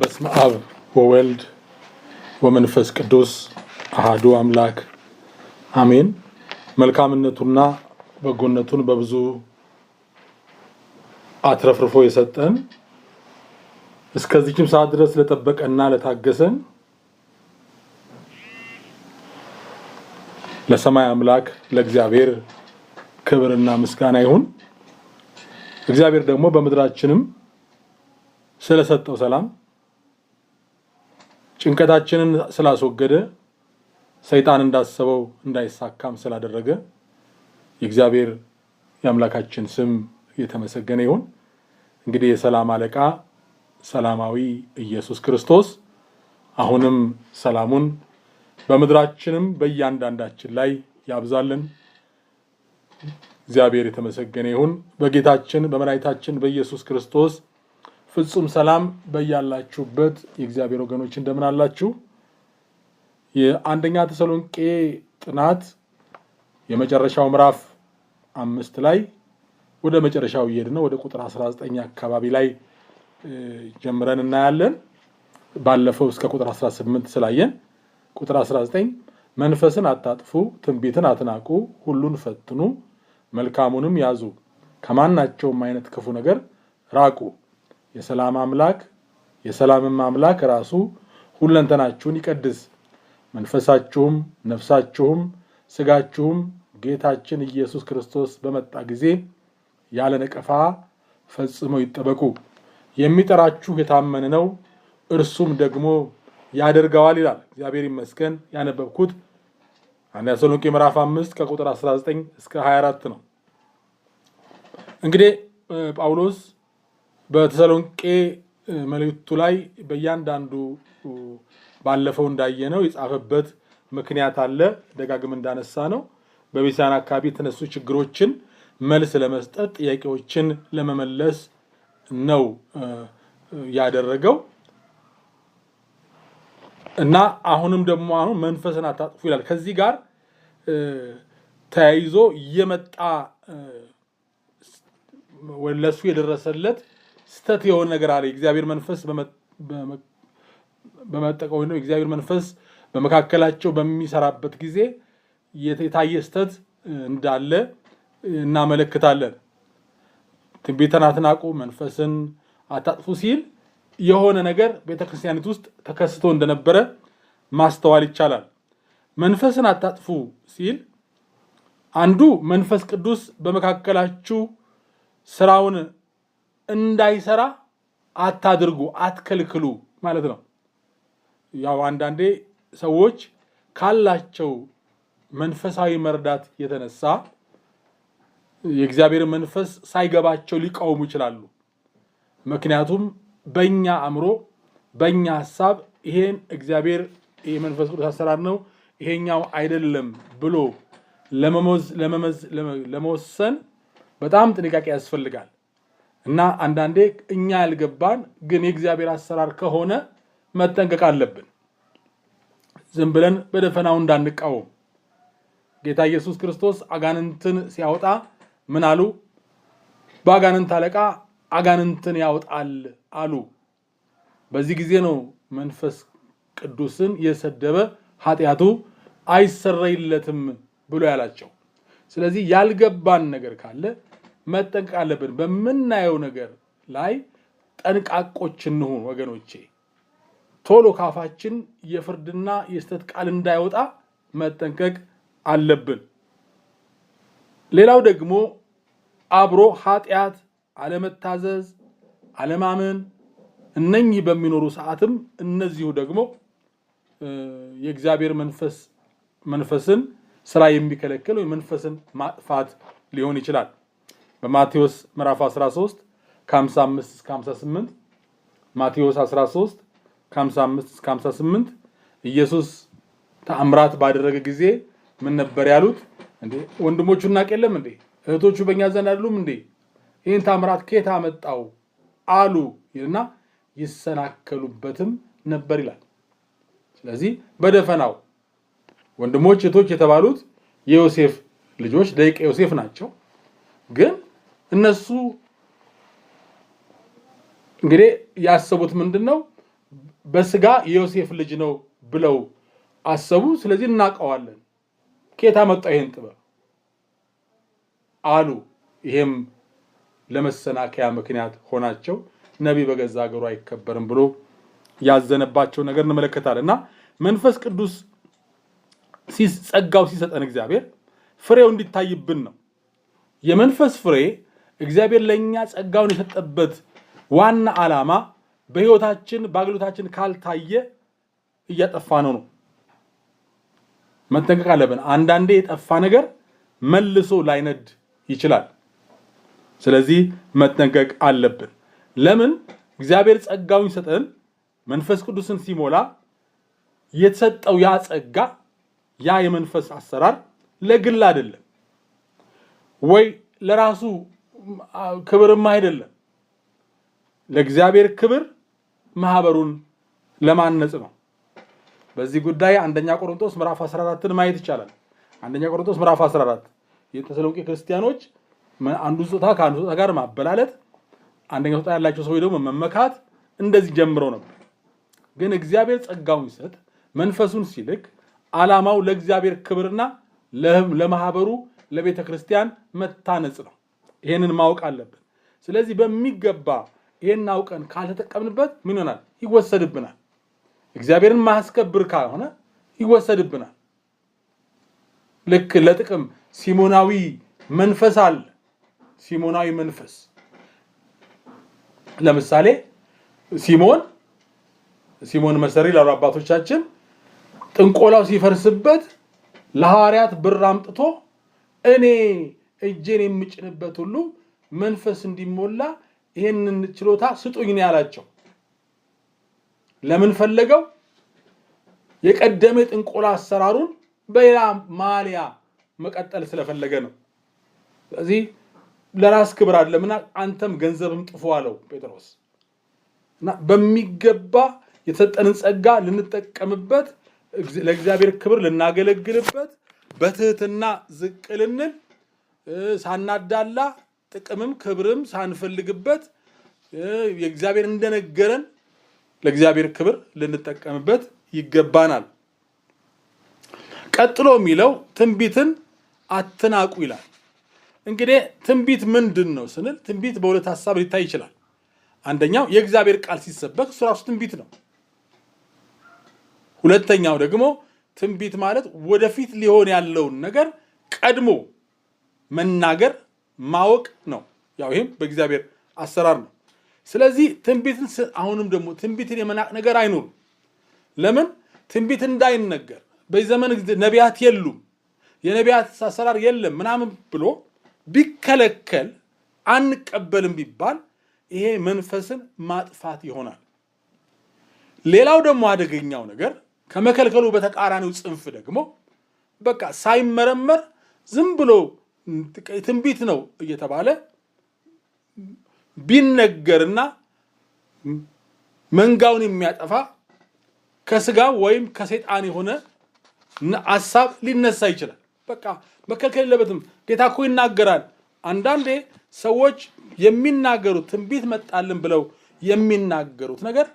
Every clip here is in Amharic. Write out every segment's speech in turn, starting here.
በስመ አብ ወወልድ ወመንፈስ ቅዱስ አሃዱ አምላክ አሜን። መልካምነቱና በጎነቱን በብዙ አትረፍርፎ የሰጠን እስከዚህም ሰዓት ድረስ ለጠበቀና ለታገሰን ለሰማይ አምላክ ለእግዚአብሔር ክብርና ምስጋና ይሁን። እግዚአብሔር ደግሞ በምድራችንም ስለሰጠው ሰላም ጭንቀታችንን ስላስወገደ ሰይጣን እንዳሰበው እንዳይሳካም ስላደረገ የእግዚአብሔር የአምላካችን ስም የተመሰገነ ይሁን። እንግዲህ የሰላም አለቃ ሰላማዊ ኢየሱስ ክርስቶስ አሁንም ሰላሙን በምድራችንም በእያንዳንዳችን ላይ ያብዛልን። እግዚአብሔር የተመሰገነ ይሁን። በጌታችን በመድኃኒታችን በኢየሱስ ክርስቶስ ፍጹም ሰላም በያላችሁበት የእግዚአብሔር ወገኖች እንደምን አላችሁ? የአንደኛ ተሰሎንቄ ጥናት የመጨረሻው ምዕራፍ አምስት ላይ ወደ መጨረሻው እየሄድን ነው። ወደ ቁጥር 19 አካባቢ ላይ ጀምረን እናያለን። ባለፈው እስከ ቁጥር 18 ስላየን ቁጥር 19 መንፈስን አታጥፉ፣ ትንቢትን አትናቁ፣ ሁሉን ፈትኑ፣ መልካሙንም ያዙ፣ ከማናቸውም አይነት ክፉ ነገር ራቁ የሰላም አምላክ የሰላምም አምላክ ራሱ ሁለንተናችሁን ይቀድስ፣ መንፈሳችሁም፣ ነፍሳችሁም፣ ስጋችሁም ጌታችን ኢየሱስ ክርስቶስ በመጣ ጊዜ ያለ ነቀፋ ፈጽመው ይጠበቁ። የሚጠራችሁ የታመነ ነው፣ እርሱም ደግሞ ያደርገዋል ይላል። እግዚአብሔር ይመስገን። ያነበብኩት አንደኛ ተሰሎንቄ ምዕራፍ 5 ከቁጥር 19 እስከ 24 ነው። እንግዲህ ጳውሎስ በተሰሎንቄ መልእክቱ ላይ በእያንዳንዱ ባለፈው እንዳየነው የጻፈበት ምክንያት አለ። ደጋግም እንዳነሳ ነው በቤሳን አካባቢ የተነሱ ችግሮችን መልስ ለመስጠት ጥያቄዎችን ለመመለስ ነው ያደረገው እና አሁንም ደግሞ አሁን መንፈስን አታጥፉ ይላል። ከዚህ ጋር ተያይዞ እየመጣ ለሱ የደረሰለት ስተት የሆነ ነገር አለ። እግዚአብሔር መንፈስ በመጠቀው ነው እግዚአብሔር መንፈስ በመካከላቸው በሚሰራበት ጊዜ የታየ ስተት እንዳለ እናመለክታለን። ትንቢተ ናትናቁ መንፈስን አታጥፉ ሲል የሆነ ነገር ቤተክርስቲያኒት ውስጥ ተከስቶ እንደነበረ ማስተዋል ይቻላል። መንፈስን አታጥፉ ሲል አንዱ መንፈስ ቅዱስ በመካከላችሁ ስራውን እንዳይሰራ አታድርጉ፣ አትከልክሉ ማለት ነው። ያው አንዳንዴ ሰዎች ካላቸው መንፈሳዊ መርዳት የተነሳ የእግዚአብሔር መንፈስ ሳይገባቸው ሊቃወሙ ይችላሉ። ምክንያቱም በእኛ አእምሮ፣ በእኛ ሀሳብ ይሄን እግዚአብሔር የመንፈስ ቅዱስ አሰራር ነው ይሄኛው አይደለም ብሎ ለመወሰን በጣም ጥንቃቄ ያስፈልጋል። እና አንዳንዴ እኛ ያልገባን ግን የእግዚአብሔር አሰራር ከሆነ መጠንቀቅ አለብን። ዝም ብለን በደፈናው እንዳንቃወም። ጌታ ኢየሱስ ክርስቶስ አጋንንትን ሲያወጣ ምን አሉ? በአጋንንት አለቃ አጋንንትን ያወጣል አሉ። በዚህ ጊዜ ነው መንፈስ ቅዱስን የሰደበ ኃጢአቱ አይሰረይለትም ብሎ ያላቸው። ስለዚህ ያልገባን ነገር ካለ መጠንቀቅ አለብን። በምናየው ነገር ላይ ጠንቃቆች እንሁን ወገኖቼ። ቶሎ ካፋችን የፍርድና የስተት ቃል እንዳይወጣ መጠንቀቅ አለብን። ሌላው ደግሞ አብሮ ኃጢአት፣ አለመታዘዝ፣ አለማመን እነኚህ በሚኖሩ ሰዓትም እነዚሁ ደግሞ የእግዚአብሔር መንፈስ መንፈስን ስራ የሚከለክል ወይ መንፈስን ማጥፋት ሊሆን ይችላል። በማቴዎስ ምዕራፍ 13 ከ55 እስከ 58 ማቴዎስ 13 ከ55 እስከ 58 ኢየሱስ ተአምራት ባደረገ ጊዜ ምን ነበር ያሉት? እንዴ ወንድሞቹ እናቅ የለም እንዴ እህቶቹ በእኛ ዘንድ አይደሉም እንዴ ይህን ተአምራት ከየት አመጣው አሉ ይልና ይሰናከሉበትም ነበር ይላል። ስለዚህ በደፈናው ወንድሞች እህቶች የተባሉት የዮሴፍ ልጆች ደቂቀ ዮሴፍ ናቸው ግን እነሱ እንግዲህ ያሰቡት ምንድን ነው? በስጋ የዮሴፍ ልጅ ነው ብለው አሰቡ። ስለዚህ እናውቀዋለን፣ ኬታ መጣ ይሄን ጥበብ አሉ። ይሄም ለመሰናከያ ምክንያት ሆናቸው። ነቢይ በገዛ ሀገሩ አይከበርም ብሎ ያዘነባቸው ነገር እንመለከታለን። እና መንፈስ ቅዱስ ጸጋው ሲሰጠን እግዚአብሔር ፍሬው እንዲታይብን ነው የመንፈስ ፍሬ እግዚአብሔር ለእኛ ጸጋውን የሰጠበት ዋና ዓላማ በሕይወታችን በአገልግሎታችን ካልታየ እያጠፋ ነው ነው። መጠንቀቅ አለብን። አንዳንዴ የጠፋ ነገር መልሶ ላይነድ ይችላል። ስለዚህ መጠንቀቅ አለብን። ለምን? እግዚአብሔር ጸጋውን ይሰጠን መንፈስ ቅዱስን ሲሞላ የተሰጠው ያ ጸጋ ያ የመንፈስ አሰራር ለግል አይደለም ወይ ለራሱ ክብርም አይደለም። ለእግዚአብሔር ክብር ማህበሩን ለማነጽ ነው። በዚህ ጉዳይ አንደኛ ቆሮንቶስ ምዕራፍ 14ን ማየት ይቻላል። አንደኛ ቆሮንቶስ ምዕራፍ 14 የተሰሎንቄ ክርስቲያኖች አንዱ ጾታ ከአንዱ ጾታ ጋር ማበላለጥ፣ አንደኛ ጾታ ያላቸው ሰዎች ደግሞ መመካት እንደዚህ ጀምረው ነበር። ግን እግዚአብሔር ጸጋውን ሲሰጥ መንፈሱን ሲልክ ዓላማው ለእግዚአብሔር ክብርና ለማህበሩ ለቤተ ክርስቲያን መታነጽ ነው። ይሄንን ማወቅ አለብን። ስለዚህ በሚገባ ይሄን አውቀን ካልተጠቀምንበት ምን ይሆናል? ይወሰድብናል። እግዚአብሔርን ማስከብር ካልሆነ ይወሰድብናል። ልክ ለጥቅም ሲሞናዊ መንፈስ አለ። ሲሞናዊ መንፈስ ለምሳሌ ሲሞን ሲሞን መሰሪ ላሉ አባቶቻችን ጥንቆላው ሲፈርስበት ለሐዋርያት ብር አምጥቶ እኔ እጄን የምጭንበት ሁሉ መንፈስ እንዲሞላ ይህንን ችሎታ ስጡኝ ነው ያላቸው። ለምን ፈለገው? የቀደመ ጥንቆላ አሰራሩን በሌላ ማሊያ መቀጠል ስለፈለገ ነው። ስለዚህ ለራስ ክብር አለ ምና አንተም ገንዘብም ጥፎ አለው ጴጥሮስ እና በሚገባ የተሰጠንን ጸጋ ልንጠቀምበት፣ ለእግዚአብሔር ክብር ልናገለግልበት፣ በትህትና ዝቅልንል። ሳናዳላ ጥቅምም ክብርም ሳንፈልግበት የእግዚአብሔር እንደነገረን ለእግዚአብሔር ክብር ልንጠቀምበት ይገባናል። ቀጥሎ የሚለው ትንቢትን አትናቁ ይላል። እንግዲህ ትንቢት ምንድን ነው ስንል ትንቢት በሁለት ሀሳብ ሊታይ ይችላል። አንደኛው የእግዚአብሔር ቃል ሲሰበክ እሱ ራሱ ትንቢት ነው። ሁለተኛው ደግሞ ትንቢት ማለት ወደፊት ሊሆን ያለውን ነገር ቀድሞ መናገር ማወቅ ነው። ያው ይህም በእግዚአብሔር አሰራር ነው። ስለዚህ ትንቢትን አሁንም ደግሞ ትንቢትን የመናቅ ነገር አይኖርም። ለምን ትንቢት እንዳይነገር በዚህ ዘመን ነቢያት የሉም፣ የነቢያት አሰራር የለም ምናምን ብሎ ቢከለከል አንቀበልም ቢባል ይሄ መንፈስን ማጥፋት ይሆናል። ሌላው ደግሞ አደገኛው ነገር ከመከልከሉ በተቃራኒው ጽንፍ ደግሞ በቃ ሳይመረመር ዝም ብሎ ትንቢት ነው እየተባለ ቢነገርና መንጋውን የሚያጠፋ ከስጋ ወይም ከሰይጣን የሆነ ሀሳብ ሊነሳ ይችላል። በቃ መከልከል የለበትም። ጌታ እኮ ይናገራል። አንዳንዴ ሰዎች የሚናገሩት ትንቢት መጣልን ብለው የሚናገሩት ነገር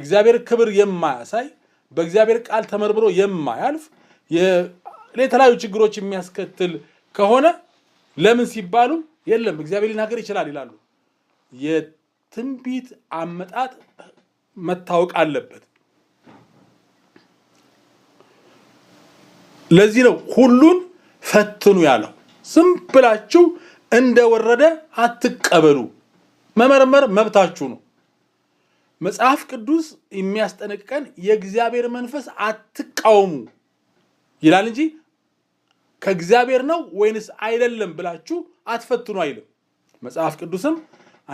እግዚአብሔር ክብር የማያሳይ በእግዚአብሔር ቃል ተመርምሮ የማያልፍ የተለያዩ ችግሮች የሚያስከትል ከሆነ ለምን ሲባሉ የለም እግዚአብሔር ሊናገር ይችላል ይላሉ። የትንቢት አመጣጥ መታወቅ አለበት። ለዚህ ነው ሁሉን ፈትኑ ያለው። ዝም ብላችሁ እንደወረደ አትቀበሉ። መመርመር መብታችሁ ነው። መጽሐፍ ቅዱስ የሚያስጠነቅቀን የእግዚአብሔር መንፈስ አትቃወሙ ይላል እንጂ ከእግዚአብሔር ነው ወይንስ አይደለም ብላችሁ አትፈትኑ አይልም መጽሐፍ ቅዱስም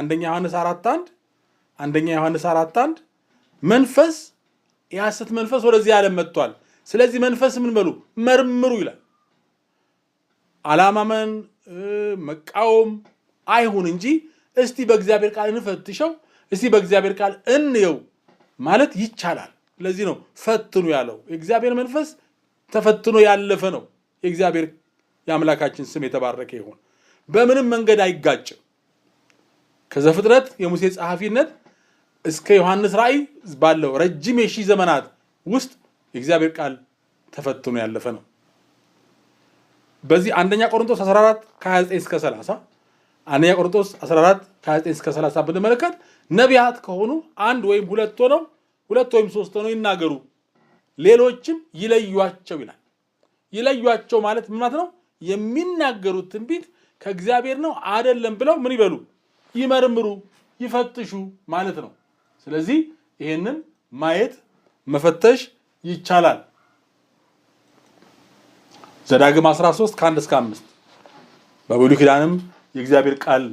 አንደኛ ዮሐንስ አራት አንድ አንደኛ ዮሐንስ አራት አንድ መንፈስ የሐሰት መንፈስ ወደዚህ ዓለም መጥቷል። ስለዚህ መንፈስ ምን በሉ መርምሩ ይላል። አላማመን መቃወም አይሁን እንጂ እስቲ በእግዚአብሔር ቃል እንፈትሸው፣ እስቲ በእግዚአብሔር ቃል እንየው ማለት ይቻላል። ለዚህ ነው ፈትኑ ያለው። የእግዚአብሔር መንፈስ ተፈትኖ ያለፈ ነው። የእግዚአብሔር የአምላካችን ስም የተባረከ ይሁን። በምንም መንገድ አይጋጭም። ከዘፍጥረት የሙሴ ጸሐፊነት እስከ ዮሐንስ ራእይ ባለው ረጅም የሺህ ዘመናት ውስጥ የእግዚአብሔር ቃል ተፈትኖ ያለፈ ነው። በዚህ አንደኛ ቆሮንቶስ 14 ከ29 እስከ 30 አንደኛ ቆሮንቶስ 14 ከ29 እስከ 30 ብንመለከት ነቢያት ከሆኑ አንድ ወይም ሁለት ሆነው ሁለት ወይም ሶስት ሆነው ይናገሩ፣ ሌሎችም ይለዩቸው ይላል። ይለዩአቸው ማለት ምን ማለት ነው? የሚናገሩት ትንቢት ከእግዚአብሔር ነው አይደለም ብለው ምን ይበሉ ይመርምሩ፣ ይፈትሹ ማለት ነው። ስለዚህ ይሄንን ማየት መፈተሽ ይቻላል። ዘዳግም 13 ከአንድ እስከ አምስት በብሉይ ኪዳንም የእግዚአብሔር ቃል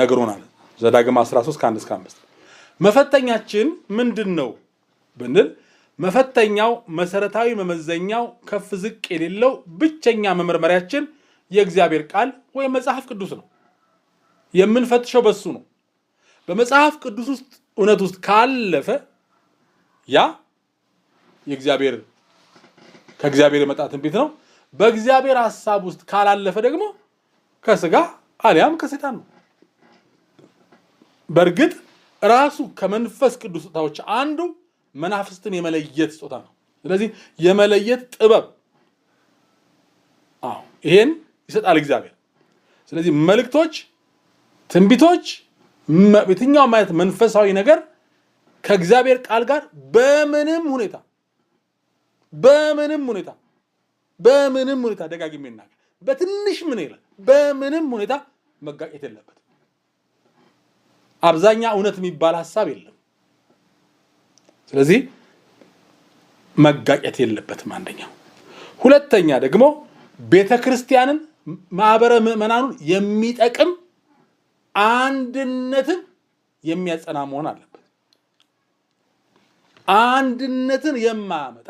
ነግሮናል። ዘዳግም 13 ከአንድ እስከ አምስት መፈተኛችን ምንድን ነው ብንል መፈተኛው መሰረታዊ መመዘኛው ከፍ ዝቅ የሌለው ብቸኛ መመርመሪያችን የእግዚአብሔር ቃል ወይም መጽሐፍ ቅዱስ ነው። የምንፈትሸው በሱ ነው። በመጽሐፍ ቅዱስ ውስጥ እውነት ውስጥ ካለፈ ያ የእግዚአብሔር ከእግዚአብሔር የመጣ ትንቢት ነው። በእግዚአብሔር ሐሳብ ውስጥ ካላለፈ ደግሞ ከስጋ አሊያም ከሴጣን ነው። በእርግጥ ራሱ ከመንፈስ ቅዱስ ስጦታዎች አንዱ መናፍስትን የመለየት ስጦታ ነው። ስለዚህ የመለየት ጥበብ አዎ ይሄን ይሰጣል እግዚአብሔር። ስለዚህ መልእክቶች፣ ትንቢቶች፣ የትኛው ማለት መንፈሳዊ ነገር ከእግዚአብሔር ቃል ጋር በምንም ሁኔታ በምንም ሁኔታ በምንም ሁኔታ ደጋግሜ እናገር በትንሽ ምን ይላል በምንም ሁኔታ መጋጨት የለበትም። አብዛኛ እውነት የሚባል ሀሳብ የለም። ስለዚህ መጋጨት የለበትም። አንደኛው። ሁለተኛ ደግሞ ቤተ ክርስቲያንን ማህበረ ምዕመናኑን የሚጠቅም አንድነትን የሚያጸና መሆን አለበት። አንድነትን የማያመጣ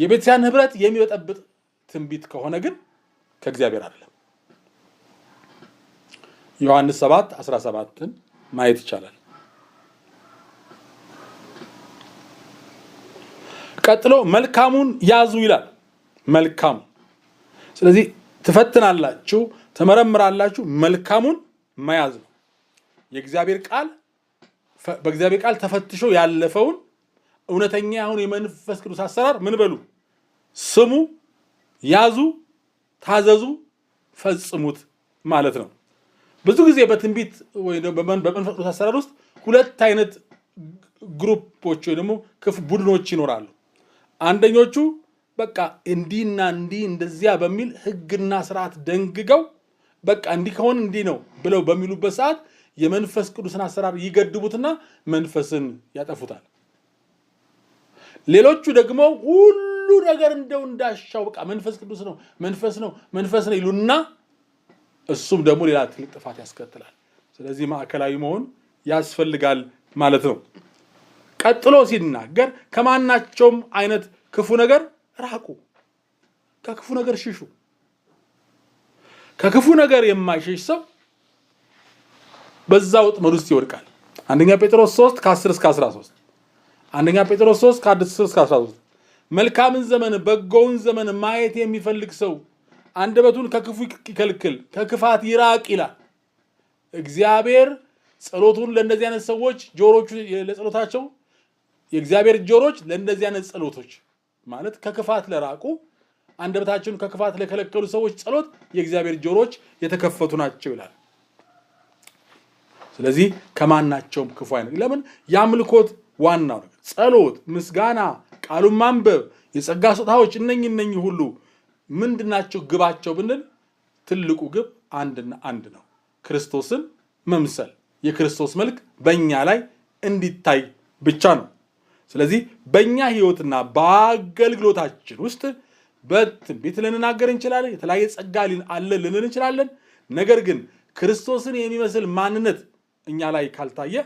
የቤተክርስቲያን ህብረት የሚበጠብጥ ትንቢት ከሆነ ግን ከእግዚአብሔር አይደለም። ዮሐንስ 7 17ን ማየት ይቻላል። ቀጥሎ መልካሙን ያዙ ይላል። መልካሙ ስለዚህ ትፈትናላችሁ፣ ትመረምራላችሁ። መልካሙን መያዝ ነው። የእግዚአብሔር ቃል በእግዚአብሔር ቃል ተፈትሾ ያለፈውን እውነተኛ አሁን የመንፈስ ቅዱስ አሰራር ምን በሉ ስሙ፣ ያዙ፣ ታዘዙ፣ ፈጽሙት ማለት ነው። ብዙ ጊዜ በትንቢት ወይ በመንፈስ ቅዱስ አሰራር ውስጥ ሁለት አይነት ግሩፖች ወይ ደግሞ ክፍ ቡድኖች ይኖራሉ። አንደኞቹ በቃ እንዲህና እንዲህ እንደዚያ በሚል ህግና ስርዓት ደንግገው በቃ እንዲህ ከሆን እንዲህ ነው ብለው በሚሉበት ሰዓት የመንፈስ ቅዱስን አሰራር ይገድቡትና መንፈስን ያጠፉታል። ሌሎቹ ደግሞ ሁሉ ነገር እንደው እንዳሻው በቃ መንፈስ ቅዱስ ነው መንፈስ ነው መንፈስ ነው ይሉና እሱም ደግሞ ሌላ ትልቅ ጥፋት ያስከትላል። ስለዚህ ማዕከላዊ መሆን ያስፈልጋል ማለት ነው። ቀጥሎ ሲናገር ከማናቸውም አይነት ክፉ ነገር ራቁ፣ ከክፉ ነገር ሽሹ። ከክፉ ነገር የማይሸሽ ሰው በዛ ወጥመድ ውስጥ ይወድቃል። አንደኛ ጴጥሮስ 3 ከ10 እስከ 13 አንደኛ ጴጥሮስ 3 ከ10 እስከ 13 መልካምን ዘመን በጎውን ዘመን ማየት የሚፈልግ ሰው አንደበቱን ከክፉ ይከልክል፣ ከክፋት ይራቅ ይላል እግዚአብሔር። ጸሎቱን ለእነዚህ አይነት ሰዎች ጆሮቹ ለጸሎታቸው የእግዚአብሔር ጆሮች ለእንደዚህ አይነት ጸሎቶች ማለት ከክፋት ለራቁ አንደበታቸውን ከክፋት ለከለከሉ ሰዎች ጸሎት የእግዚአብሔር ጆሮች የተከፈቱ ናቸው ይላል። ስለዚህ ከማናቸውም ክፉ አይነት ለምን የአምልኮት ዋናው ነገር ጸሎት፣ ምስጋና፣ ቃሉን ማንበብ፣ የጸጋ ስጦታዎች እነኝ እነኝ ሁሉ ምንድናቸው ግባቸው ብንል ትልቁ ግብ አንድና አንድ ነው። ክርስቶስን መምሰል የክርስቶስ መልክ በእኛ ላይ እንዲታይ ብቻ ነው። ስለዚህ በእኛ ህይወትና በአገልግሎታችን ውስጥ በትንቢት ልንናገር እንችላለን። የተለያየ ጸጋ አለን ልንል እንችላለን። ነገር ግን ክርስቶስን የሚመስል ማንነት እኛ ላይ ካልታየ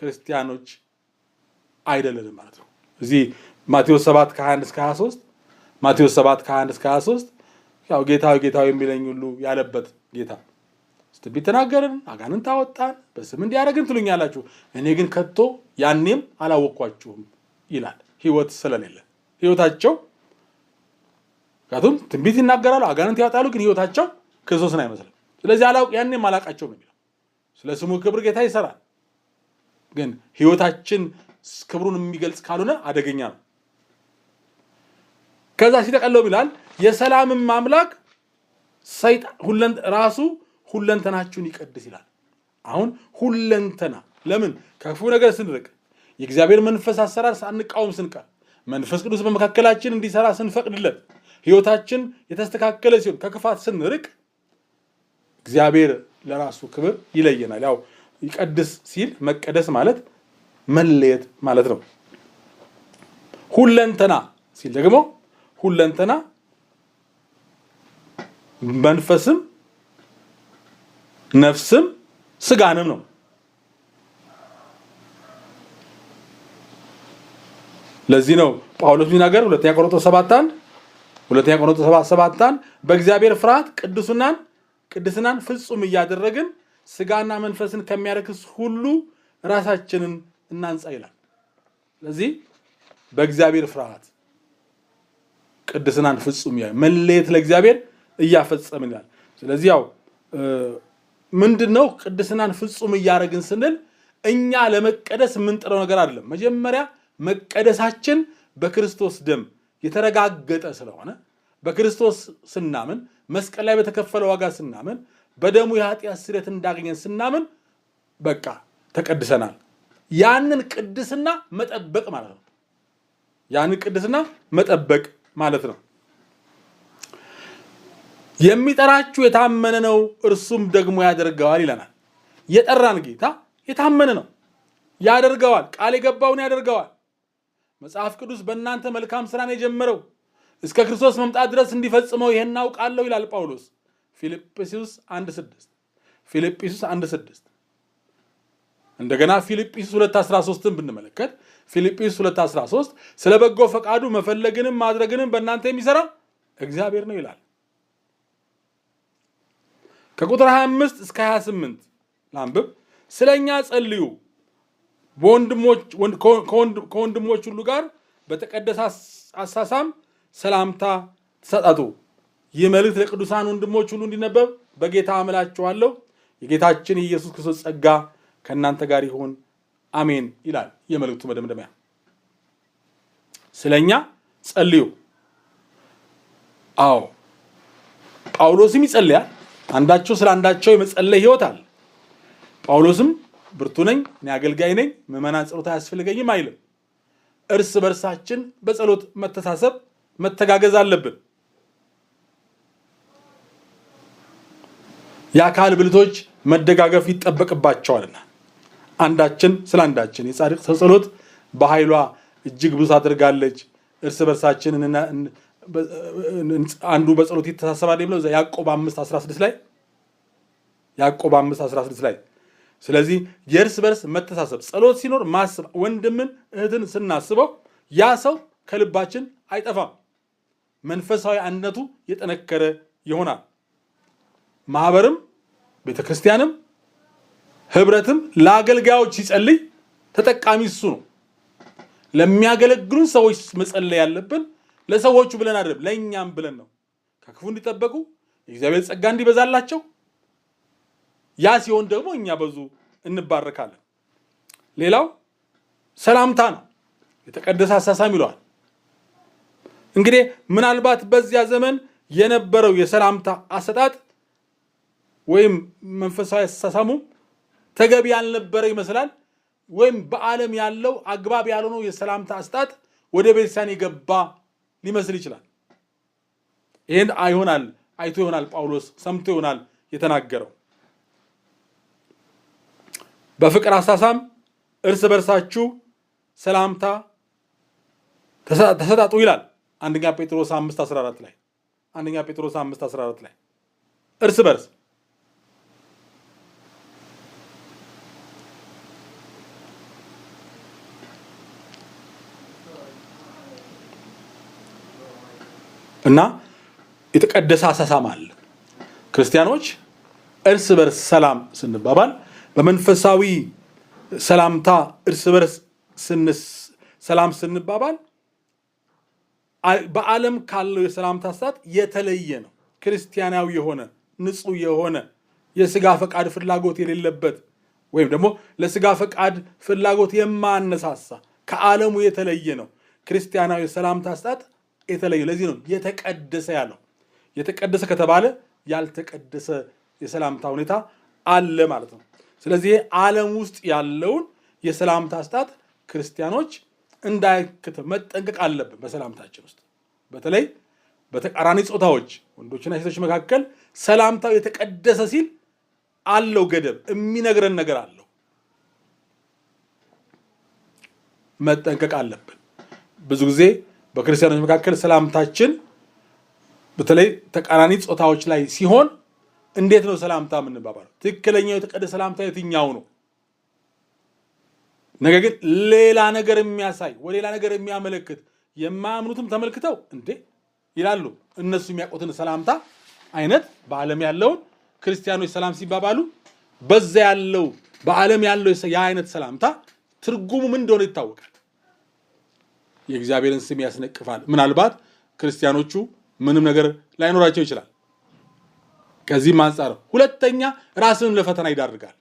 ክርስቲያኖች አይደለንም ማለት ነው። እዚህ ማቴዎስ 7 ከ21 እስከ 23 ማቴዎስ 7 ከ21 እስከ 23 ያው ጌታዊ ጌታዊ የሚለኝ ሁሉ ያለበት ጌታ ትንቢት ተናገርን፣ አጋንንት አወጣን፣ በስም እንዲያደረግን ትሉኛላችሁ፣ እኔ ግን ከቶ ያኔም አላወቅኳችሁም ይላል። ህይወት ስለሌለ ህይወታቸው ምክንያቱም ትንቢት ይናገራሉ፣ አጋንንት ያወጣሉ፣ ግን ህይወታቸው ክርስቶስን አይመስልም። ስለዚህ አላውቅ ያኔም አላውቃቸውም የሚለው ስለ ስሙ ክብር ጌታ ይሰራል። ግን ህይወታችን ክብሩን የሚገልጽ ካልሆነ አደገኛ ነው። ከዛ ሲጠቀለውም ይላል የሰላምም አምላክ ሰይጣን ሁለን ራሱ ሁለንተናችሁን ይቀድስ ይላል። አሁን ሁለንተና ለምን ከክፉ ነገር ስንርቅ የእግዚአብሔር መንፈስ አሰራር ሳንቃወም ስንቀር መንፈስ ቅዱስ በመካከላችን እንዲሰራ ስንፈቅድለት ህይወታችን የተስተካከለ ሲሆን ከክፋት ስንርቅ እግዚአብሔር ለራሱ ክብር ይለየናል። ያው ይቀድስ ሲል መቀደስ ማለት መለየት ማለት ነው። ሁለንተና ሲል ደግሞ ሁለንተና መንፈስም ነፍስም ስጋንም ነው። ለዚህ ነው ጳውሎስ ሚናገር ሁለተኛ ቆሮንቶስ 7 አንድ ሁለተኛ ቆሮንቶስ 7 7 አንድ በእግዚአብሔር ፍርሃት ቅዱስናን ቅድስናን ፍጹም እያደረግን ስጋና መንፈስን ከሚያረክስ ሁሉ ራሳችንን እናንጻ ይላል። ስለዚህ በእግዚአብሔር ፍርሃት ቅድስናን ፍጹም መለየት ለእግዚአብሔር እያፈጸምን ይላል። ስለዚህ ያው ምንድን ነው ቅድስናን ፍጹም እያደረግን ስንል እኛ ለመቀደስ የምንጥረው ነገር አይደለም። መጀመሪያ መቀደሳችን በክርስቶስ ደም የተረጋገጠ ስለሆነ በክርስቶስ ስናምን፣ መስቀል ላይ በተከፈለ ዋጋ ስናምን፣ በደሙ የኃጢአት ስርየት እንዳገኘን ስናምን በቃ ተቀድሰናል። ያንን ቅድስና መጠበቅ ማለት ነው። ያንን ቅድስና መጠበቅ ማለት ነው። የሚጠራችሁ የታመነ ነው እርሱም ደግሞ ያደርገዋል ይለናል። የጠራን ጌታ የታመነ ነው፣ ያደርገዋል። ቃል የገባውን ያደርገዋል። መጽሐፍ ቅዱስ በእናንተ መልካም ስራን የጀመረው እስከ ክርስቶስ መምጣት ድረስ እንዲፈጽመው ይሄን አውቃለሁ ይላል ጳውሎስ ፊልጵስዩስ 1:6 ፊልጵስዩስ 1:6 እንደገና ፊልጵስዩስ 2:13ን ብንመለከት ፊልጵስዩስ 2:13 ስለ በጎ ፈቃዱ መፈለግንም ማድረግንም በእናንተ የሚሰራ እግዚአብሔር ነው ይላል። ከቁጥር 25 እስከ 28 ላንብብ። ስለ እኛ ጸልዩ፣ ከወንድሞች ሁሉ ጋር በተቀደሰ አሳሳም ሰላምታ ተሰጣጡ። ይህ መልእክት ለቅዱሳን ወንድሞች ሁሉ እንዲነበብ በጌታ አምላችኋለሁ። የጌታችን የኢየሱስ ክርስቶስ ጸጋ ከእናንተ ጋር ይሁን አሜን ይላል የመልእክቱ መደምደሚያ። ስለ እኛ ጸልዩ። አዎ ጳውሎስም ይጸልያል። አንዳቸው ስለ አንዳቸው የመጸለይ ህይወት አለ። ጳውሎስም ብርቱ ነኝ እኔ አገልጋይ ነኝ፣ ምዕመናን ጸሎት አያስፈልገኝም አይልም። እርስ በርሳችን በጸሎት መተሳሰብ፣ መተጋገዝ አለብን። የአካል ብልቶች መደጋገፍ ይጠበቅባቸዋልና አንዳችን ስለ አንዳችን የጻድቅ ሰው ጸሎት በኃይሏ እጅግ ብዙ አድርጋለች። እርስ በርሳችን አንዱ በጸሎት ይተሳሰባል የሚለው ያዕቆብ አምስት አስራ ስድስት ላይ ያዕቆብ አምስት አስራ ስድስት ላይ ስለዚህ የእርስ በርስ መተሳሰብ ጸሎት ሲኖር ማስብ ወንድምን እህትን ስናስበው ያ ሰው ከልባችን አይጠፋም። መንፈሳዊ አንድነቱ የጠነከረ ይሆናል። ማህበርም ቤተ ክርስቲያንም ህብረትም ለአገልጋዮች ሲጸልይ ተጠቃሚ እሱ ነው። ለሚያገለግሉን ሰዎች መጸለይ ያለብን ለሰዎቹ ብለን አይደለም፣ ለእኛም ብለን ነው። ከክፉ እንዲጠበቁ የእግዚአብሔር ጸጋ እንዲበዛላቸው፣ ያ ሲሆን ደግሞ እኛ በዙ እንባረካለን። ሌላው ሰላምታ ነው። የተቀደሰ አሳሳም ይለዋል። እንግዲህ ምናልባት በዚያ ዘመን የነበረው የሰላምታ አሰጣጥ ወይም መንፈሳዊ አሳሳሙ ተገቢ ያልነበረ ይመስላል። ወይም በዓለም ያለው አግባብ ያልሆነው የሰላምታ አሰጣጥ ወደ ቤተክርስቲያን የገባ ሊመስል ይችላል። ይህን አይሆናል አይቶ ይሆናል ጳውሎስ ሰምቶ ይሆናል የተናገረው። በፍቅር አሳሳም እርስ በርሳችሁ ሰላምታ ተሰጣጡ ይላል አንደኛ ጴጥሮስ 5 14 ላይ አንደኛ ጴጥሮስ 5 14 ላይ እርስ በርስ እና የተቀደሰ አሳሳም አለ። ክርስቲያኖች እርስ በርስ ሰላም ስንባባል በመንፈሳዊ ሰላምታ እርስ በርስ ሰላም ስንባባል በዓለም ካለው የሰላምታ ስርዓት የተለየ ነው። ክርስቲያናዊ የሆነ ንጹሕ የሆነ የስጋ ፈቃድ ፍላጎት የሌለበት ወይም ደግሞ ለስጋ ፈቃድ ፍላጎት የማነሳሳ ከዓለሙ የተለየ ነው ክርስቲያናዊ የሰላምታ ስርዓት። የተለየ ለዚህ ነው የተቀደሰ ያለው። የተቀደሰ ከተባለ ያልተቀደሰ የሰላምታ ሁኔታ አለ ማለት ነው። ስለዚህ ዓለም ውስጥ ያለውን የሰላምታ አሰጣጥ ክርስቲያኖች እንዳይክት መጠንቀቅ አለብን። በሰላምታችን ውስጥ በተለይ በተቃራኒ ጾታዎች ወንዶችና ሴቶች መካከል ሰላምታው የተቀደሰ ሲል አለው ገደብ የሚነግረን ነገር አለው። መጠንቀቅ አለብን ብዙ ጊዜ በክርስቲያኖች መካከል ሰላምታችን በተለይ ተቃራኒ ጾታዎች ላይ ሲሆን እንዴት ነው ሰላምታ የምንባባለው? ትክክለኛው የተቀደ ሰላምታ የትኛው ነው? ነገር ግን ሌላ ነገር የሚያሳይ ወሌላ ነገር የሚያመለክት የማያምኑትም ተመልክተው እንዴ ይላሉ። እነሱ የሚያውቁትን ሰላምታ አይነት በዓለም ያለውን ክርስቲያኖች ሰላም ሲባባሉ በዛ ያለው በዓለም ያለው የአይነት አይነት ሰላምታ ትርጉሙ ምን እንደሆነ ይታወቃል። የእግዚአብሔርን ስም ያስነቅፋል። ምናልባት ክርስቲያኖቹ ምንም ነገር ላይኖራቸው ይችላል። ከዚህም አንጻር ሁለተኛ ራስንም ለፈተና ይዳርጋል።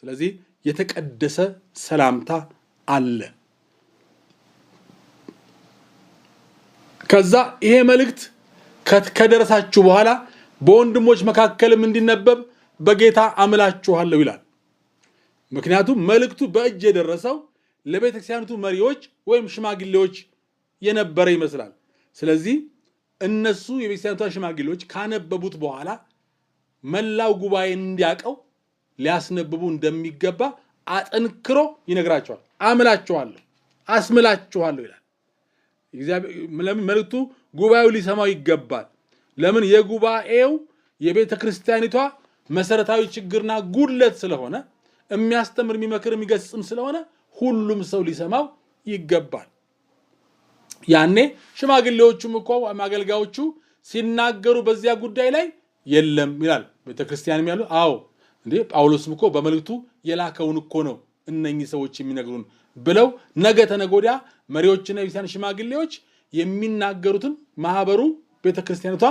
ስለዚህ የተቀደሰ ሰላምታ አለ። ከዛ ይሄ መልእክት ከደረሳችሁ በኋላ በወንድሞች መካከልም እንዲነበብ በጌታ አምላችኋለሁ ይላል። ምክንያቱም መልእክቱ በእጅ የደረሰው ለቤተ ክርስቲያኒቱ መሪዎች ወይም ሽማግሌዎች የነበረ ይመስላል። ስለዚህ እነሱ የቤተ ክርስቲያኒቷን ሽማግሌዎች ካነበቡት በኋላ መላው ጉባኤ እንዲያቀው ሊያስነብቡ እንደሚገባ አጠንክሮ ይነግራቸዋል። አምላችኋለሁ፣ አስምላችኋለሁ ይላል። ለምን መልእክቱ ጉባኤው ሊሰማው ይገባል። ለምን የጉባኤው የቤተ ክርስቲያኒቷ መሰረታዊ ችግርና ጉድለት ስለሆነ የሚያስተምር የሚመክር የሚገጽም ስለሆነ ሁሉም ሰው ሊሰማው ይገባል። ያኔ ሽማግሌዎቹም እኮ አገልጋዮቹ ሲናገሩ በዚያ ጉዳይ ላይ የለም ይላል ቤተክርስቲያንም ያሉ አዎ እንዴ ጳውሎስም እኮ በመልእክቱ የላከውን እኮ ነው እነኚህ ሰዎች የሚነግሩን ብለው ነገ ተነጎዳ መሪዎችና ቤተክርስቲያን ሽማግሌዎች የሚናገሩትን ማህበሩ ቤተክርስቲያኒቷ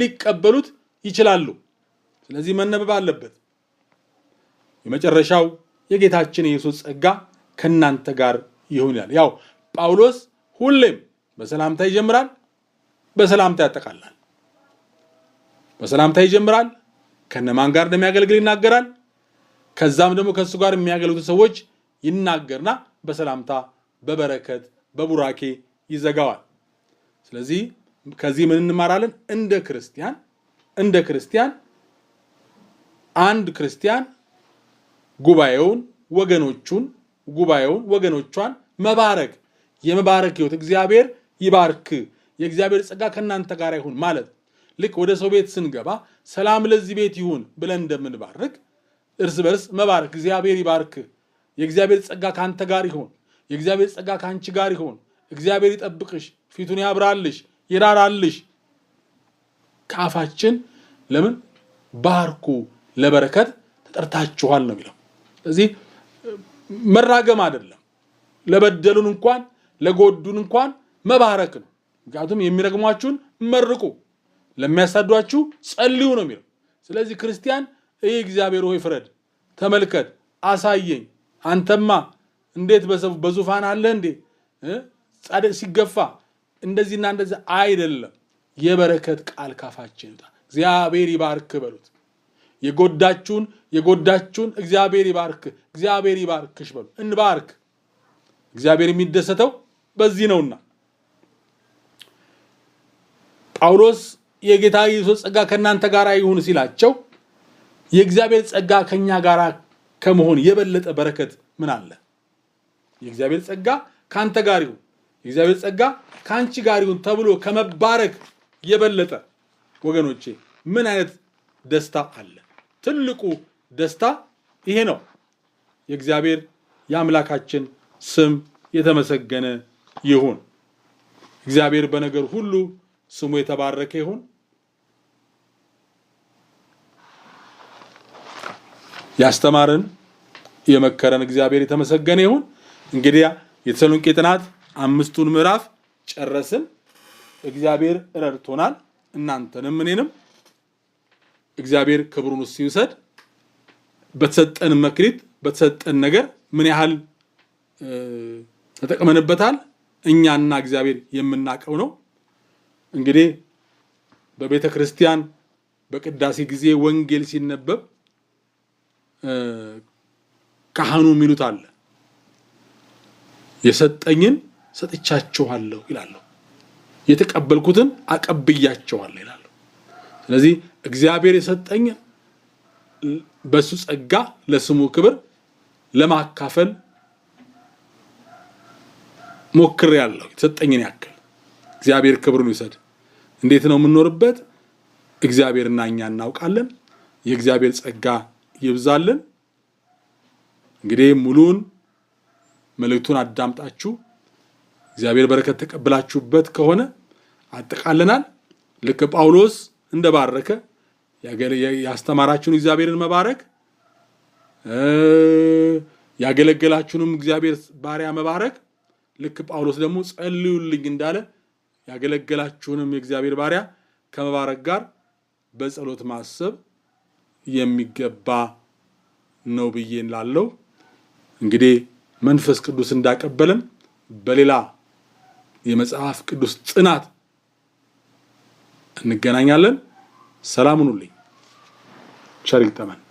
ሊቀበሉት ይችላሉ። ስለዚህ መነበብ አለበት። የመጨረሻው የጌታችን የኢየሱስ ጸጋ ከእናንተ ጋር ይሆናል ያው ጳውሎስ ሁሌም በሰላምታ ይጀምራል፣ በሰላምታ ያጠቃላል። በሰላምታ ይጀምራል፣ ከነማን ጋር እንደሚያገለግል ይናገራል። ከዛም ደግሞ ከእሱ ጋር የሚያገለግሉ ሰዎች ይናገርና በሰላምታ በበረከት በቡራኬ ይዘጋዋል። ስለዚህ ከዚህ ምን እንማራለን? እንደ ክርስቲያን እንደ ክርስቲያን አንድ ክርስቲያን ጉባኤውን፣ ወገኖቹን ጉባኤውን ወገኖቿን መባረክ የመባረክ ህይወት እግዚአብሔር ይባርክ፣ የእግዚአብሔር ጸጋ ከእናንተ ጋር ይሁን ማለት ልክ ወደ ሰው ቤት ስንገባ ሰላም ለዚህ ቤት ይሁን ብለን እንደምንባርክ እርስ በርስ መባረክ እግዚአብሔር ይባርክ፣ የእግዚአብሔር ጸጋ ከአንተ ጋር ይሁን፣ የእግዚአብሔር ጸጋ ከአንቺ ጋር ይሁን፣ እግዚአብሔር ይጠብቅሽ፣ ፊቱን ያብራልሽ፣ ይራራልሽ። ከአፋችን ለምን ባርኩ ለበረከት ተጠርታችኋል ነው የሚለው። ስለዚህ መራገም አይደለም። ለበደሉን እንኳን ለጎዱን እንኳን መባረክ ነው። ምክንያቱም የሚረግሟችሁን መርቁ፣ ለሚያሳዷችሁ ጸልዩ ነው የሚለው። ስለዚህ ክርስቲያን ይህ እግዚአብሔር ሆይ ፍረድ፣ ተመልከት፣ አሳየኝ። አንተማ እንዴት በዙፋን አለ እንዴ? ሲገፋ እንደዚህና እንደዚህ አይደለም። የበረከት ቃል ካፋችን እግዚአብሔር ይባርክ በሉት። የጎዳችሁን የጎዳችሁን እግዚአብሔር ይባርክ እግዚአብሔር ይባርክሽ በሉ እንባርክ። እግዚአብሔር የሚደሰተው በዚህ ነውና ጳውሎስ የጌታ ኢየሱስ ጸጋ ከእናንተ ጋር ይሁን ሲላቸው የእግዚአብሔር ጸጋ ከእኛ ጋር ከመሆን የበለጠ በረከት ምን አለ? የእግዚአብሔር ጸጋ ከአንተ ጋር ይሁን፣ የእግዚአብሔር ጸጋ ከአንቺ ጋር ይሁን ተብሎ ከመባረክ የበለጠ ወገኖቼ ምን አይነት ደስታ አለ? ትልቁ ደስታ ይሄ ነው። የእግዚአብሔር የአምላካችን ስም የተመሰገነ ይሁን። እግዚአብሔር በነገር ሁሉ ስሙ የተባረከ ይሁን። ያስተማረን የመከረን እግዚአብሔር የተመሰገነ ይሁን። እንግዲያ የተሰሎንቄ ጥናት አምስቱን ምዕራፍ ጨረስን። እግዚአብሔር ረድቶናል፣ እናንተንም እኔንም እግዚአብሔር ክብሩን ውስጥ ይውሰድ። በተሰጠን መክሊት በተሰጠን ነገር ምን ያህል ተጠቅመንበታል እኛና እግዚአብሔር የምናውቀው ነው። እንግዲህ በቤተ ክርስቲያን በቅዳሴ ጊዜ ወንጌል ሲነበብ ካህኑ የሚሉት አለ የሰጠኝን ሰጥቻችኋለሁ ይላለሁ የተቀበልኩትን አቀብያቸዋለሁ ይላለሁ። ስለዚህ እግዚአብሔር የሰጠኝ በሱ ጸጋ ለስሙ ክብር ለማካፈል ሞክር ያለው የተሰጠኝን ያክል እግዚአብሔር ክብሩን ይውሰድ። እንዴት ነው የምንኖርበት? እግዚአብሔርና እኛ እናውቃለን። የእግዚአብሔር ጸጋ ይብዛልን። እንግዲህ ሙሉን መልእክቱን አዳምጣችሁ እግዚአብሔር በረከት ተቀብላችሁበት ከሆነ አጠቃለናል። ልክ ጳውሎስ እንደባረከ ያስተማራችሁን እግዚአብሔርን መባረክ፣ ያገለገላችሁንም እግዚአብሔር ባሪያ መባረክ። ልክ ጳውሎስ ደግሞ ጸልዩልኝ እንዳለ ያገለገላችሁንም የእግዚአብሔር ባሪያ ከመባረክ ጋር በጸሎት ማሰብ የሚገባ ነው ብዬ ላለው እንግዲህ መንፈስ ቅዱስ እንዳቀበለን በሌላ የመጽሐፍ ቅዱስ ጥናት እንገናኛለን። ሰላም ሁኑልኝ። ቸር ይግጠመን።